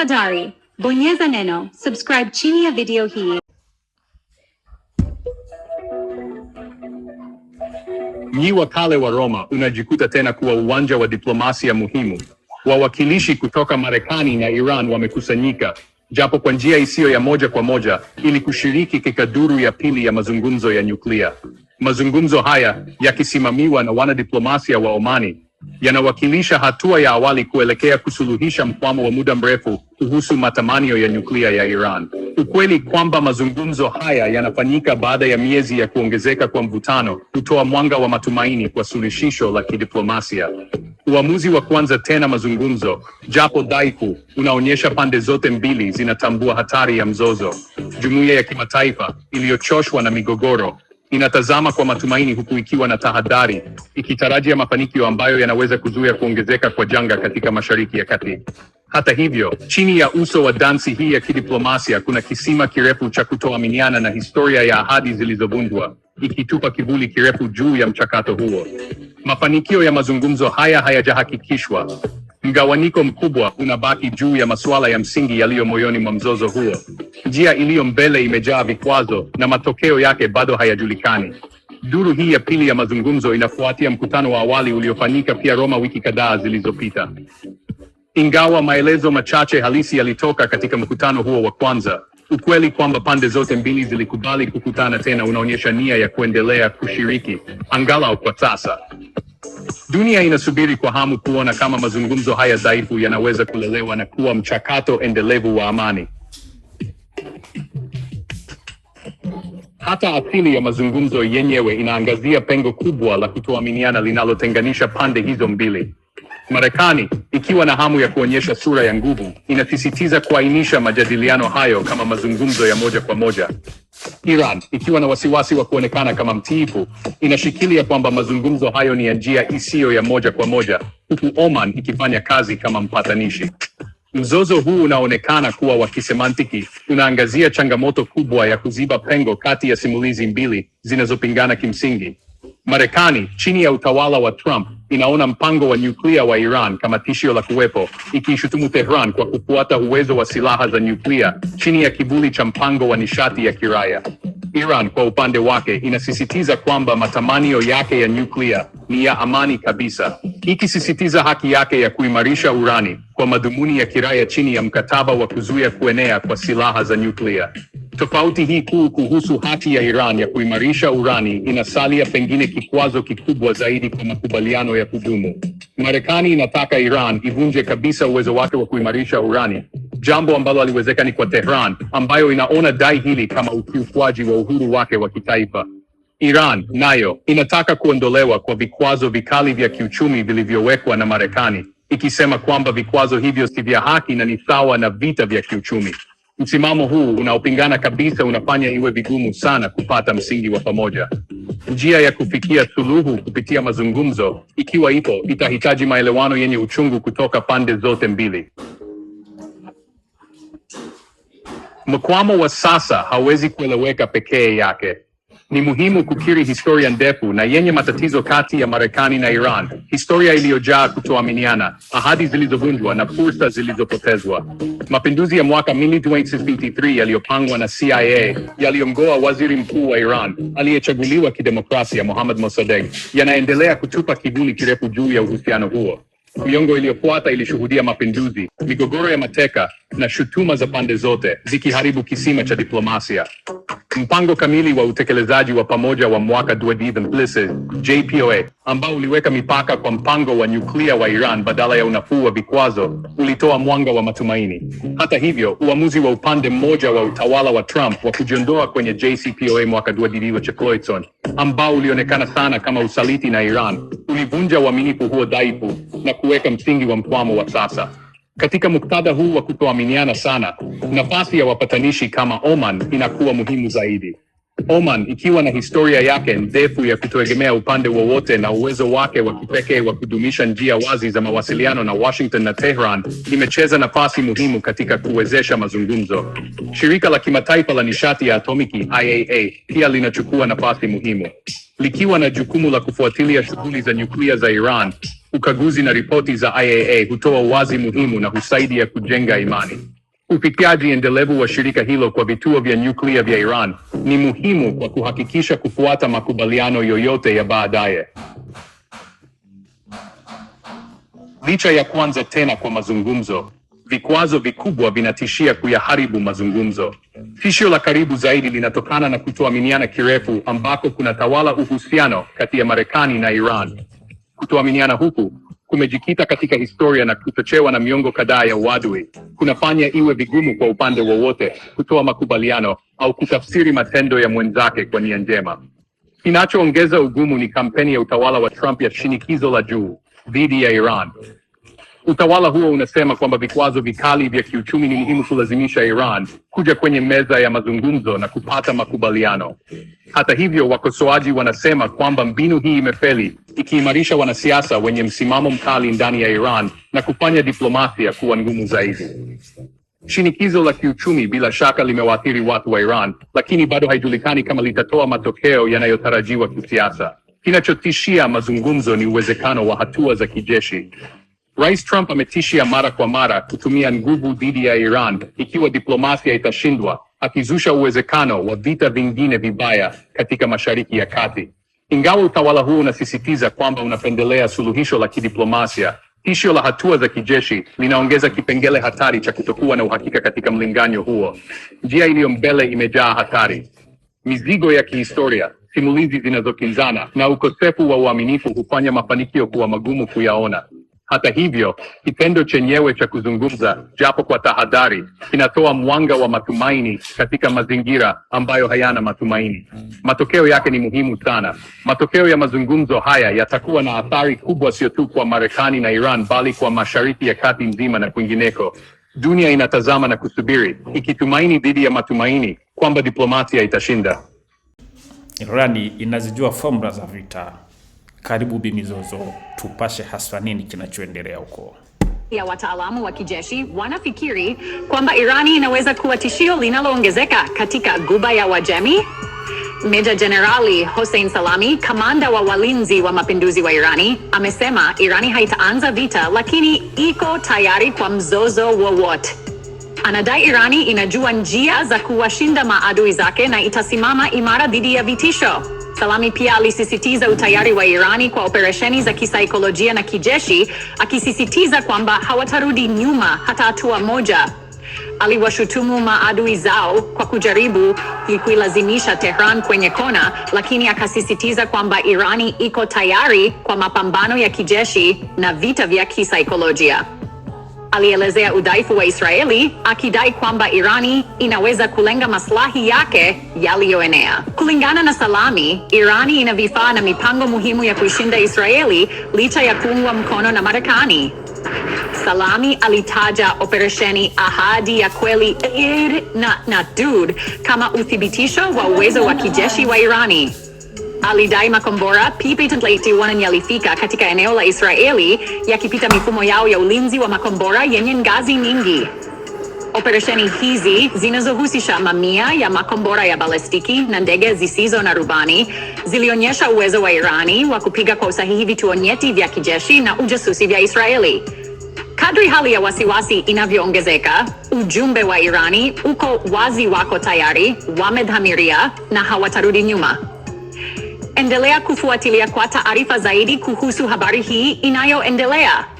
Tafadhali bonyeza neno subscribe chini ya video hii. Mji wa kale wa Roma unajikuta tena kuwa uwanja wa diplomasia muhimu. Wawakilishi kutoka Marekani na Iran wamekusanyika, japo kwa njia isiyo ya moja kwa moja, ili kushiriki katika duru ya pili ya mazungumzo ya nyuklia. Mazungumzo haya yakisimamiwa na wanadiplomasia wa Omani yanawakilisha hatua ya awali kuelekea kusuluhisha mkwamo wa muda mrefu kuhusu matamanio ya nyuklia ya Iran. Ukweli kwamba mazungumzo haya yanafanyika baada ya miezi ya kuongezeka kwa mvutano hutoa mwanga wa matumaini kwa suluhisho la kidiplomasia. Uamuzi wa kuanza tena mazungumzo, japo dhaifu, unaonyesha pande zote mbili zinatambua hatari ya mzozo. Jumuiya ya kimataifa iliyochoshwa na migogoro inatazama kwa matumaini huku ikiwa na tahadhari, ikitarajia mafanikio ambayo yanaweza kuzuia kuongezeka kwa janga katika Mashariki ya Kati. Hata hivyo, chini ya uso wa dansi hii ya kidiplomasia kuna kisima kirefu cha kutoaminiana na historia ya ahadi zilizovunjwa, ikitupa kivuli kirefu juu ya mchakato huo. Mafanikio ya mazungumzo haya hayajahakikishwa. Mgawanyiko mkubwa unabaki juu ya masuala ya msingi yaliyo moyoni mwa mzozo huo. Njia iliyo mbele imejaa vikwazo na matokeo yake bado hayajulikani. Duru hii ya pili ya mazungumzo inafuatia mkutano wa awali uliofanyika pia Roma wiki kadhaa zilizopita. Ingawa maelezo machache halisi yalitoka katika mkutano huo wa kwanza, ukweli kwamba pande zote mbili zilikubali kukutana tena unaonyesha nia ya kuendelea kushiriki angalau kwa sasa. Dunia inasubiri kwa hamu kuona kama mazungumzo haya dhaifu yanaweza kulelewa na kuwa mchakato endelevu wa amani. Hata asili ya mazungumzo yenyewe inaangazia pengo kubwa la kutoaminiana linalotenganisha pande hizo mbili. Marekani ikiwa na hamu ya kuonyesha sura ya nguvu, inasisitiza kuainisha majadiliano hayo kama mazungumzo ya moja kwa moja. Iran ikiwa na wasiwasi wa kuonekana kama mtiifu, inashikilia kwamba mazungumzo hayo ni ya njia isiyo ya moja kwa moja, huku Oman ikifanya kazi kama mpatanishi. Mzozo huu unaonekana kuwa wa kisemantiki, unaangazia changamoto kubwa ya kuziba pengo kati ya simulizi mbili zinazopingana kimsingi. Marekani chini ya utawala wa Trump inaona mpango wa nyuklia wa Iran kama tishio la kuwepo, ikiishutumu Tehran kwa kufuata uwezo wa silaha za nyuklia chini ya kivuli cha mpango wa nishati ya kiraia. Iran kwa upande wake inasisitiza kwamba matamanio yake ya nyuklia ni ya amani kabisa, ikisisitiza haki yake ya kuimarisha urani kwa madhumuni ya kiraia chini ya mkataba wa kuzuia kuenea kwa silaha za nyuklia. Tofauti hii kuu kuhusu hati ya Iran ya kuimarisha urani inasalia pengine kikwazo kikubwa zaidi kwa makubaliano ya kudumu. Marekani inataka Iran ivunje kabisa uwezo wake wa kuimarisha urani, jambo ambalo haliwezekani kwa Tehran ambayo inaona dai hili kama ukiukwaji wa uhuru wake wa kitaifa. Iran nayo inataka kuondolewa kwa vikwazo vikali vya kiuchumi vilivyowekwa na Marekani, ikisema kwamba vikwazo hivyo si vya haki na ni sawa na vita vya kiuchumi. Msimamo huu unaopingana kabisa unafanya iwe vigumu sana kupata msingi wa pamoja. Njia ya kufikia suluhu kupitia mazungumzo, ikiwa ipo, itahitaji maelewano yenye uchungu kutoka pande zote mbili. Mkwamo wa sasa hawezi kueleweka pekee yake. Ni muhimu kukiri historia ndefu na yenye matatizo kati ya Marekani na Iran, historia iliyojaa kutoaminiana, ahadi zilizovunjwa na fursa zilizopotezwa. Mapinduzi ya mwaka 1953 yaliyopangwa na CIA yaliyomgoa waziri mkuu wa Iran aliyechaguliwa kidemokrasia Mohammad Mossadegh yanaendelea kutupa kivuli kirefu juu ya uhusiano huo. Miongo iliyofuata ilishuhudia mapinduzi, migogoro ya mateka na shutuma za pande zote zikiharibu kisima cha diplomasia mpango kamili wa utekelezaji wa pamoja wa mwaka 2030 JPOA, ambao uliweka mipaka kwa mpango wa nyuklia wa Iran badala ya unafuu wa vikwazo, ulitoa mwanga wa matumaini. Hata hivyo, uamuzi wa upande mmoja wa utawala wa Trump wa kujiondoa kwenye JCPOA mwaka 2013 ambao ulionekana sana kama usaliti na Iran, ulivunja uaminifu huo dhaifu na kuweka msingi wa mkwamo wa sasa. Katika muktadha huu wa kutoaminiana sana, nafasi ya wapatanishi kama Oman inakuwa muhimu zaidi. Oman ikiwa na historia yake ndefu ya kutoegemea upande wowote na uwezo wake wa kipekee wa kudumisha njia wazi za mawasiliano na Washington na Tehran, imecheza nafasi muhimu katika kuwezesha mazungumzo. Shirika la kimataifa la nishati ya atomiki IAEA pia linachukua nafasi muhimu likiwa na jukumu la kufuatilia shughuli za nyuklia za Iran ukaguzi na ripoti za IAA hutoa wazi muhimu na husaidia kujenga imani. Ufikiaji endelevu wa shirika hilo kwa vituo vya nyuklia vya Iran ni muhimu kwa kuhakikisha kufuata makubaliano yoyote ya baadaye. Licha ya kuanza tena kwa mazungumzo, vikwazo vikubwa vinatishia kuyaharibu mazungumzo. Tishio la karibu zaidi linatokana na kutoaminiana kirefu ambako kunatawala uhusiano kati ya Marekani na Iran. Kutoaminiana huku kumejikita katika historia na kuchochewa na miongo kadhaa ya uadui, kunafanya iwe vigumu kwa upande wowote kutoa makubaliano au kutafsiri matendo ya mwenzake kwa nia njema. Kinachoongeza ugumu ni kampeni ya utawala wa Trump ya shinikizo la juu dhidi ya Iran Utawala huo unasema kwamba vikwazo vikali vya kiuchumi ni muhimu kulazimisha Iran kuja kwenye meza ya mazungumzo na kupata makubaliano. Hata hivyo, wakosoaji wanasema kwamba mbinu hii imefeli, ikiimarisha wanasiasa wenye msimamo mkali ndani ya Iran na kufanya diplomasia kuwa ngumu zaidi. Shinikizo la kiuchumi bila shaka limewaathiri watu wa Iran, lakini bado haijulikani kama litatoa matokeo yanayotarajiwa kisiasa. Kinachotishia mazungumzo ni uwezekano wa hatua za kijeshi. Rais Trump ametishia mara kwa mara kutumia nguvu dhidi ya Iran ikiwa diplomasia itashindwa, akizusha uwezekano wa vita vingine vibaya katika Mashariki ya Kati. Ingawa utawala huo unasisitiza kwamba unapendelea suluhisho la kidiplomasia, tishio la hatua za kijeshi linaongeza kipengele hatari cha kutokuwa na uhakika katika mlinganyo huo. Njia iliyo mbele imejaa hatari, mizigo ya kihistoria, simulizi zinazokinzana na ukosefu wa uaminifu hufanya mafanikio kuwa magumu kuyaona. Hata hivyo, kitendo chenyewe cha kuzungumza, japo kwa tahadhari, kinatoa mwanga wa matumaini katika mazingira ambayo hayana matumaini. Matokeo yake ni muhimu sana. Matokeo ya mazungumzo haya yatakuwa na athari kubwa, sio tu kwa Marekani na Iran, bali kwa Mashariki ya Kati nzima na kwingineko. Dunia inatazama na kusubiri, ikitumaini dhidi ya matumaini kwamba diplomasia itashinda. Irani inazijua fomula za vita. Karibu mizozo tupashe haswa nini kinachoendelea huko ya wataalamu wa kijeshi wanafikiri kwamba Irani inaweza kuwa tishio linaloongezeka katika guba ya wajemi Meja Jenerali Hossein Salami, kamanda wa walinzi wa mapinduzi wa Irani, amesema Irani haitaanza vita, lakini iko tayari kwa mzozo wowote. Anadai Irani inajua njia za kuwashinda maadui zake na itasimama imara dhidi ya vitisho. Salami pia alisisitiza utayari wa Irani kwa operesheni za kisaikolojia na kijeshi, akisisitiza kwamba hawatarudi nyuma hata hatua moja. Aliwashutumu maadui zao kwa kujaribu kuilazimisha Tehran kwenye kona, lakini akasisitiza kwamba Irani iko tayari kwa mapambano ya kijeshi na vita vya kisaikolojia alielezea udhaifu wa Israeli akidai kwamba Irani inaweza kulenga maslahi yake yaliyoenea. Kulingana na Salami, Irani ina vifaa na mipango muhimu ya kuishinda Israeli licha ya kuungwa mkono na Marekani. Salami alitaja operesheni Ahadi ya Kweli na Dude kama uthibitisho wa uwezo wa kijeshi wa Irani alidai makombora P-81 yalifika katika eneo la Israeli yakipita mifumo yao ya ulinzi wa makombora yenye ngazi nyingi. Operesheni hizi zinazohusisha mamia ya makombora ya balestiki na ndege zisizo na rubani zilionyesha uwezo wa Irani wa kupiga kwa usahihi vituo nyeti vya kijeshi na ujasusi vya Israeli. Kadri hali ya wasiwasi inavyoongezeka, ujumbe wa Irani uko wazi, wako tayari, wamedhamiria na hawatarudi nyuma. Endelea kufuatilia kwa taarifa zaidi kuhusu habari hii inayoendelea.